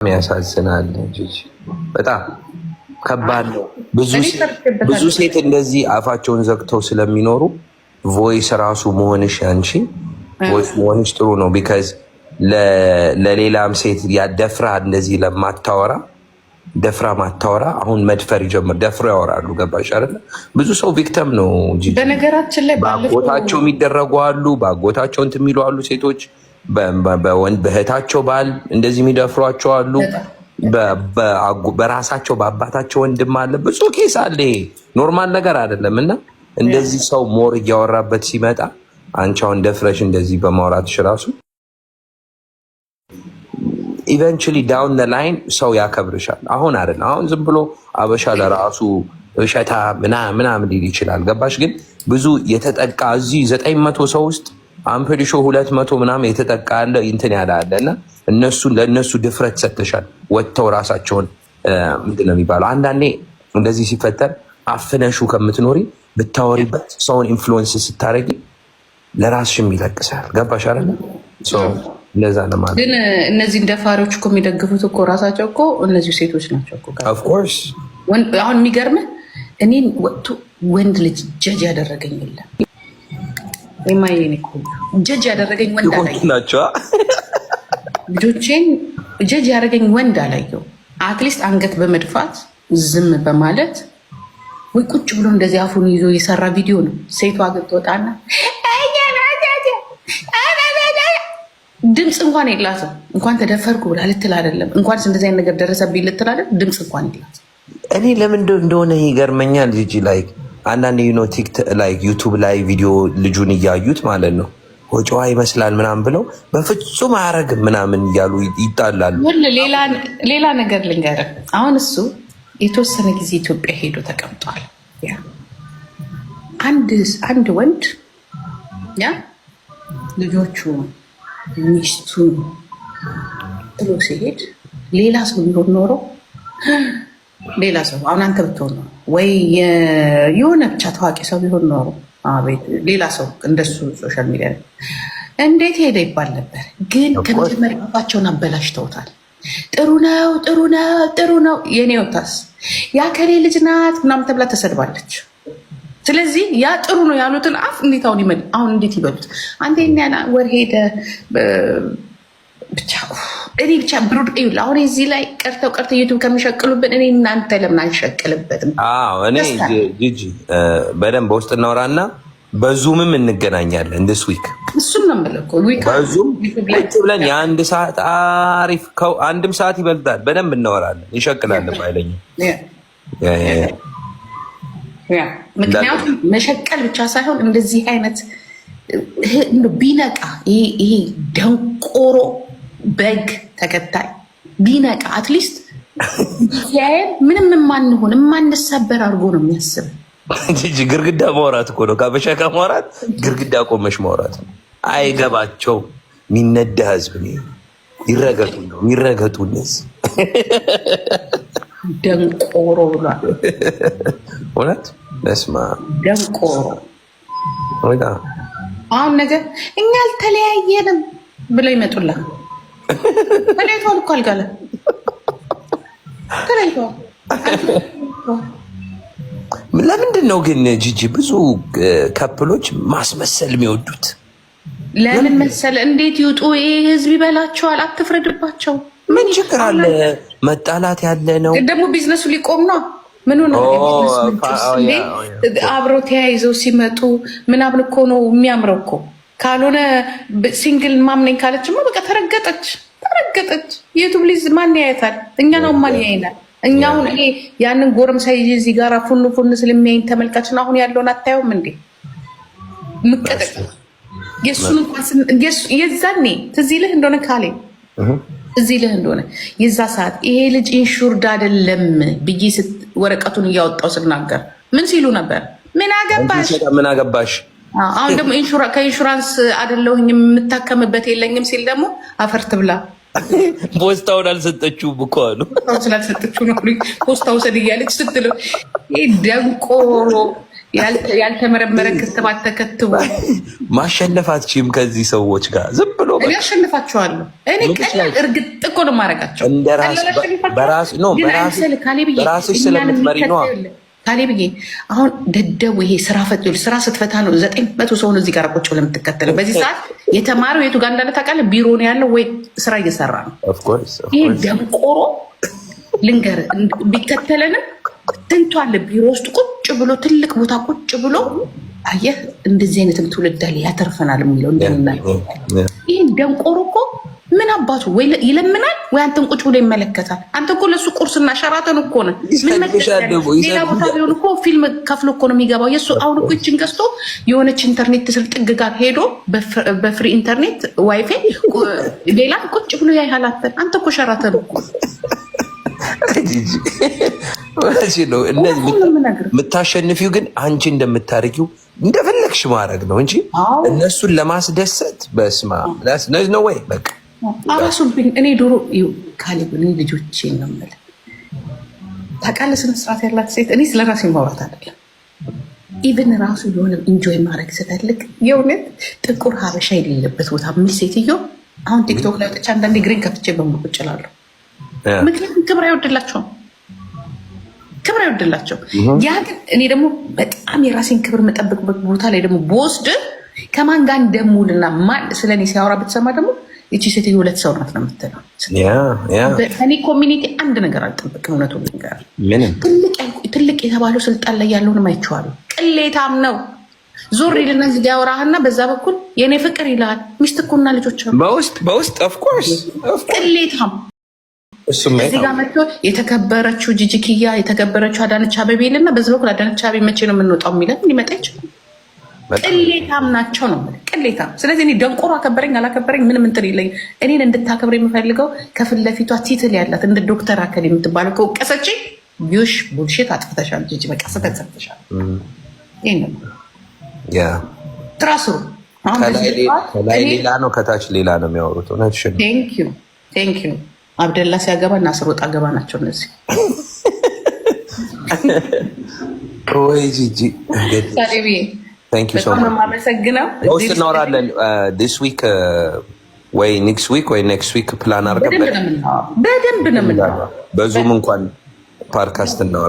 በጣም ያሳዝናል። በጣም ከባድ ነው። ብዙ ሴት እንደዚህ አፋቸውን ዘግተው ስለሚኖሩ ቮይስ ራሱ መሆንሽ አንቺ ቮይስ መሆንሽ ጥሩ ነው። ቢካዝ ለሌላም ሴት ያደፍራ እንደዚህ ለማታወራ ደፍራ ማታወራ አሁን መድፈር ይጀምር ደፍሮ ያወራሉ። ገባሽ አይደለ? ብዙ ሰው ቪክተም ነው። በነገራችን ላይ ባጎታቸው የሚደረጉ አሉ። በአጎታቸው እንትን የሚሉ አሉ ሴቶች በእህታቸው ባል እንደዚህ የሚደፍሯቸው አሉ። በራሳቸው በአባታቸው ወንድም አለ። ብዙ ኬስ አለ። ኖርማል ነገር አይደለም። እና እንደዚህ ሰው ሞር እያወራበት ሲመጣ አንቺ አሁን ደፍረሽ እንደዚህ በማውራትሽ ራሱ ኢቨንቹሊ ዳውን ዘ ላይን ሰው ያከብርሻል። አሁን አይደለም። አሁን ዝም ብሎ አበሻ ለራሱ እሸታ ምናምን ሊል ይችላል። ገባሽ? ግን ብዙ የተጠቃ እዚህ ዘጠኝ መቶ ሰው ውስጥ አምፕሊሾ ሁለት መቶ ምናምን የተጠቃ ያለ እንትን ያለ አለ እና እነሱን ለእነሱ ድፍረት ሰጥተሻል። ወጥተው ራሳቸውን ምንድን ነው የሚባለው? አንዳንዴ እንደዚህ ሲፈጠር አፍነሹ ከምትኖሪ ብታወሪበት ሰውን ኢንፍሉዌንስ ስታደረጊ ለራስሽም ይለቅሳል። ገባሽ አለ እነዛ ለማለት ግን እነዚህን ደፋሪዎች እኮ የሚደግፉት እኮ ራሳቸው እኮ እነዚሁ ሴቶች ናቸው ኦፍኮርስ አሁን የሚገርምህ እኔን ወጥቶ ወንድ ልጅ ጀጅ ያደረገኝ የለም። የማየን እኮ ጀጅ ያደረገኝ ወንድ አላየሁ። ልጆቼን ጀጅ ያደረገኝ ወንድ አላየሁ። አትሊስት አንገት በመድፋት ዝም በማለት ወይ ቁጭ ብሎ እንደዚህ አፉን ይዞ የሰራ ቪዲዮ ነው። ሴቷ ግን ትወጣና ድምፅ እንኳን የላትም። እንኳን ተደፈርኩ ብላ ልትል አይደለም፣ እንኳን እንደዚህ አይነት ነገር ደረሰብኝ ልትል አይደለም። ድምፅ እንኳን የላትም። እኔ ለምን እንደሆነ ይገርመኛል ልጅ ላይ አንዳንድ ዩኖ ቲክ ላይ ዩቱብ ላይ ቪዲዮ ልጁን እያዩት ማለት ነው ወጪዋ ይመስላል ምናምን ብለው በፍጹም አያረግም ምናምን እያሉ ይጣላሉ። ሌላ ነገር ልንገር፣ አሁን እሱ የተወሰነ ጊዜ ኢትዮጵያ ሄዶ ተቀምጧል። አንድ ወንድ ያ ልጆቹ ሚስቱን ብሎ ሲሄድ ሌላ ሰው ቢሆን ኖሮ ሌላ ሰው አሁን አንተ ብትሆን ነው ወይ የሆነ ብቻ ታዋቂ ሰው ቢሆን ኖሮ ሌላ ሰው እንደሱ ሶሻል ሚዲያ እንዴት ሄደ ይባል ነበር። ግን ከመጀመሪያ አበላሽተውታል። ጥሩ ነው ጥሩ ነው ጥሩ ነው። የኔ ወታስ የአከሌ ልጅ ናት ምናምን ተብላ ተሰድባለች። ስለዚህ ያ ጥሩ ነው ያሉትን አፍ እንዴት አሁን ይመል አሁን እንዴት ይበሉት? አንዴ ወር ሄደ ብቻ እኔ ብቻ ብሩድ ይኸውልህ፣ አሁን እዚህ ላይ ቀርተው ቀርተ ዩቱብ ከሚሸቅሉብን እኔ እናንተ ለምን አንሸቅልበትም? እኔ ጂጂ በደንብ በውስጥ እናወራና በዙምም እንገናኛለን። ዲስ ዊክ እሱም ነው የምልህ እኮ በዙም ቁጭ ብለን የአንድ ሰዓት አሪፍ አንድም ሰዓት ይበልጣል። በደንብ እናወራለን፣ ይሸቅላለን አይለኝ። ምክንያቱም መሸቀል ብቻ ሳይሆን እንደዚህ አይነት ቢነቃ ይሄ ደንቆሮ በግ ተከታይ ቢነቃ አትሊስት ሲያየን ምንም የማንሆን የማንሰበር አድርጎ ነው የሚያስብ። ግርግዳ ማውራት እኮ ነው ከአበሻ ጋር ማውራት፣ ግርግዳ ቆመሽ ማውራት ነው። አይገባቸው የሚነዳ ህዝብ ይረገጡ ነው የሚረገጡ እነዚህ ደንቆሮ ብሏል። እውነት ደንቆሮ። አሁን ነገር እኛ አልተለያየንም ብለው ይመጡላል። ተለያይተዋል እኮ አልጋ ላይ ተለያይተዋል። ለምንድን ነው ግን ጂጂ ብዙ ካፕሎች ማስመሰል የሚወዱት? ለምን መሰል? እንዴት ይውጡ? ይሄ ህዝብ ይበላቸዋል። አትፍረድባቸው። ምን ችግር አለ? መጣላት ያለ ነው ደግሞ ቢዝነሱ ሊቆም ነው። ምን ነው አብረው ተያይዘው ሲመጡ ምናምን እኮ ነው የሚያምረው እኮ ካልሆነ ሲንግል ማምነኝ ካለችማ በቃ ተረገጠች። ተረገጠች። የዩቱብ ልጅ ማን ያየታል? እኛ ነው ማን ያይናል? እኛ አሁን ይሄ ያንን ጎረምሳ ይዤ እዚህ ጋር ፉን ፉን ስለሚያይን ተመልካችን አሁን ያለውን አታየውም እንዴ? ምቀጠቅ የዛኔ ትዝ ይልህ እንደሆነ ካሌ ትዝ ይልህ እንደሆነ የዛ ሰዓት ይሄ ልጅ ኢንሹርድ አይደለም ብዬ ወረቀቱን እያወጣው ስናገር ምን ሲሉ ነበር? ምን አገባሽ ምን አገባሽ አሁን ደግሞ ከኢንሹራንስ አይደለሁኝ የምታከምበት የለኝም ሲል ደግሞ አፈር ትብላ። ፖስታውን አልሰጠችውም እኮ አሉ። ስላልሰጠችው ነው ፖስታ ውሰድ እያለች ስትለው ደንቆሮ ያልተመረመረ ክትባት ተከትቦ ማሸነፍ አትችይም። ከዚህ ሰዎች ጋር ዝም ብሎ እኔ እኔ ቀላል እርግጥ እኮ ነው የማደርጋቸው በራስሽ ስለምትመሪ ነዋ። ታዲያ አሁን ደደቡ ይሄ ስራ ፈትል ስራ ስትፈታ ነው ዘጠኝ መቶ ሰውን እዚህ ጋር ቁጭ ብለህ የምትከተለው። በዚህ ሰዓት የተማረው የቱ ጋር እንዳለ ታውቃለህ? ቢሮ ነው ያለው ወይ ስራ እየሰራ ነው። ይሄ ደንቆሮ ልንገር ቢከተለንም ስንቱ አለ ቢሮ ውስጥ ቁጭ ብሎ ትልቅ ቦታ ቁጭ ብሎ አየህ፣ እንደዚህ አይነትም ትውልድ ያተርፈናል የሚለው እንደምናል። ይህን ደንቆሮ እኮ ምን አባቱ ወይ ይለምናል ወይ አንተን ቁጭ ብሎ ይመለከታል። አንተ እኮ ለሱ ቁርስና ሸራተን እኮ ነ ሌላ ቦታ ቢሆን እኮ ፊልም ከፍሎ እኮ ነው የሚገባው። የእሱ አሁን እኮ ይችን ገዝቶ የሆነች ኢንተርኔት ትስል ጥግ ጋር ሄዶ በፍሪ ኢንተርኔት ዋይፋይ ሌላ ቁጭ ብሎ ያይሃላተን። አንተ እኮ ሸራተን እኮ ነው የምታሸንፊው። ግን አንቺ እንደምታደርጊው እንደፈለግሽ ማድረግ ነው እንጂ እነሱን ለማስደሰት በስማ ነው ወይ በቃ አራሱብኝ። እኔ ዶሮ ካሌብ፣ እኔ ልጆቼን ነው የምልህ ታውቃለህ። ስነ ስርዓት ያላት ሴት እኔ ስለ ራሴ ማውራት አይደለም ኢቨን ራሱ የሆነ ኢንጆይ ማድረግ ስፈልግ የእውነት ጥቁር ሀበሻ የሌለበት ቦታ የሚል ሴትዮ አሁን ቲክቶክ ላይ ወጥቼ አንዳንዴ ግሪን ከፍቼ በሙቁ እችላለሁ። ምክንያቱም ክብር አይወድላቸውም፣ ክብር አይወድላቸውም። ያ ግን እኔ ደግሞ በጣም የራሴን ክብር መጠበቅበት ቦታ ላይ ደግሞ በወስድ ከማን ጋር እንደምውልና ማን ስለ እኔ ሲያወራ ብትሰማ ደግሞ ይቺ ሴት ሁለት ሰው ናት ነው የምትለው። ኮሚኒቲ አንድ ነገር አልጠብቅም። እውነቱ ነገር ትልቅ የተባለው ስልጣን ላይ ያለውንም አይቼዋለሁ። ቅሌታም ነው። ዞር ይልና እዚህ ያወራህና በዛ በኩል የእኔ ፍቅር ይልሃል። ሚስት እኮ እና ልጆች በውስጥ በውስጥ ኦፍኮርስ ቅሌታም እዚህ ጋር መጥቶ የተከበረችው ጂጂክያ የተከበረችው አዳነች አበቤ ይልና በዚህ በኩል አዳነች አበቤ መቼ ነው የምንወጣው የሚለን ሊመጣ ይችላል። ቅሌታም ናቸው ነው ቅሌታ። ስለዚህ እኔ ደንቆሮ አከበረኝ አላከበረኝ ምንም እንትን የለኝ። እኔን እንድታከብር የምፈልገው ከፊት ለፊቷ ቲትል ያላት እንደ ዶክተር አከል የምትባለው ከውቀሰች ቢሽ ቡልሽት አጥፍተሻል፣ ጅ በቃ ስተት ሰርተሻል። ትራስሩ ከላይ ሌላ ነው ከታች ሌላ ነው የሚያወሩት። ቴንክ ዩ አብደላ ሲያገባ እና ስሮጥ አገባ ናቸው እነዚህ ወይ ጂጂ በጣም ውስጥ እናወራለን። ዲስ ዊክ uh, uh, ወይ ኔክስት ዊክ ወይ ኔክስት ዊክ ፕላን አድርገን በደንብ ነው የምናወራው። በዙም እንኳን ፓድካስት እናወራለን።